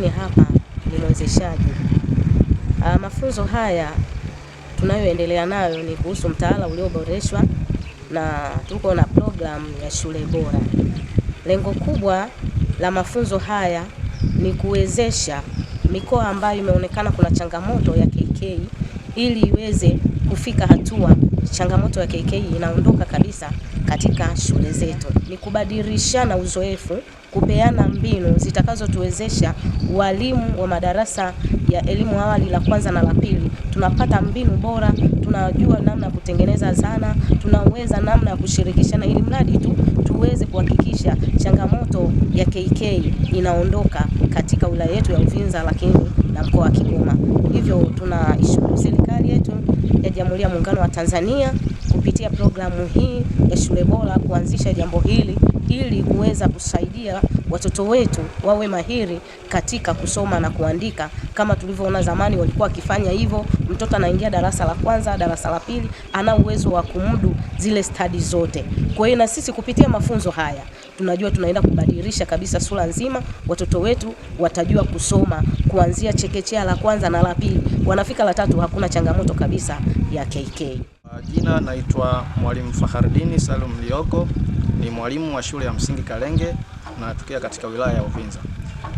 lakini hapa ni mwezeshaji. Ah, mafunzo haya tunayoendelea nayo ni kuhusu mtaala ulioboreshwa na tuko na program ya shule bora. Lengo kubwa la mafunzo haya ni kuwezesha mikoa ambayo imeonekana kuna changamoto ya KK ili iweze kufika hatua changamoto ya KK inaondoka kabisa katika shule zetu. Ni kubadilishana uzoefu, kupeana mbinu zitakazotuwezesha walimu wa madarasa ya elimu awali la kwanza na la pili, tunapata mbinu bora, tunajua namna ya kutengeneza zana, tunaweza namna ya kushirikishana, ili mradi tu tuweze kuhakikisha changamoto ya KK inaondoka katika wilaya yetu ya Uvinza, lakini na mkoa wa Kigoma. Hivyo tunaishukuru Jamhuri ya Muungano wa Tanzania kupitia programu hii ya shule bora kuanzisha jambo hili ili kuweza kusaidia watoto wetu wawe mahiri katika kusoma na kuandika. Kama tulivyoona zamani, walikuwa wakifanya hivyo, mtoto anaingia darasa la kwanza, darasa la pili, ana uwezo wa kumudu zile stadi zote. Kwa hiyo na sisi kupitia mafunzo haya tunajua tunaenda kubadilisha kabisa sura nzima, watoto wetu watajua kusoma kuanzia chekechea la kwanza na la pili, wanafika la tatu, hakuna changamoto kabisa ya KK. Jina naitwa Mwalimu fahardini Salum Lioko, ni mwalimu wa shule ya msingi Kalenge na katika wilaya ya Uvinza.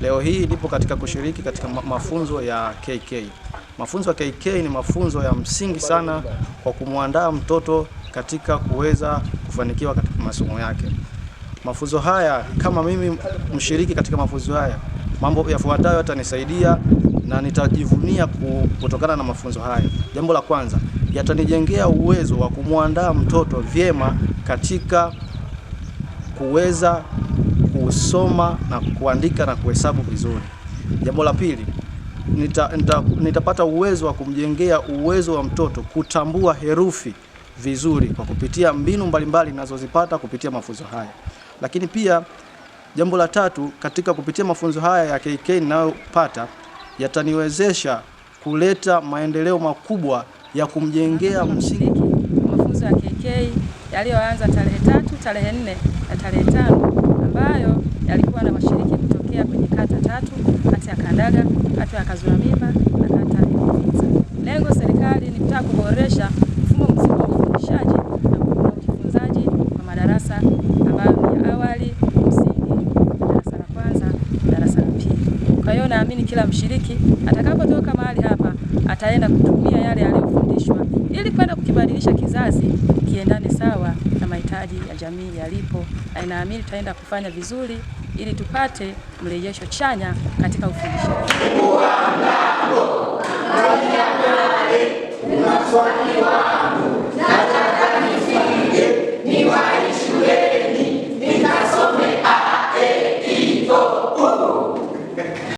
Leo hii nipo katika kushiriki katika mafunzo ya KK. Mafunzo ya KK ni mafunzo ya msingi sana kwa kumwandaa mtoto katika kuweza kufanikiwa katika masomo yake. Mafunzo haya kama mimi mshiriki katika mafunzo haya mambo yafuatayo yatanisaidia na nitajivunia kutokana na mafunzo haya. Jambo la kwanza, yatanijengea uwezo wa kumwandaa mtoto vyema katika kuweza kusoma na kuandika na kuhesabu vizuri. Jambo la pili, nita, nita, nitapata uwezo wa kumjengea uwezo wa mtoto kutambua herufi vizuri kwa kupitia mbinu mbalimbali ninazozipata kupitia mafunzo haya, lakini pia Jambo la tatu, katika kupitia mafunzo haya ya KK ninayopata yataniwezesha kuleta maendeleo makubwa ya kumjengea msingi. Mafunzo ya KK yaliyoanza tarehe tatu, tarehe nne na tarehe tano ambayo yalikuwa na washiriki kutokea kwenye kata tatu, kata ya Kandaga, kata ya Kazuramima na kata ya Lengo serikali ni kutaka kuboresha naamini kila mshiriki atakapotoka mahali hapa ataenda kutumia yale aliyofundishwa ili kwenda kukibadilisha kizazi kiendane sawa na mahitaji ya jamii yalipo, na inaamini tutaenda kufanya vizuri ili tupate mrejesho chanya katika ufundishaji.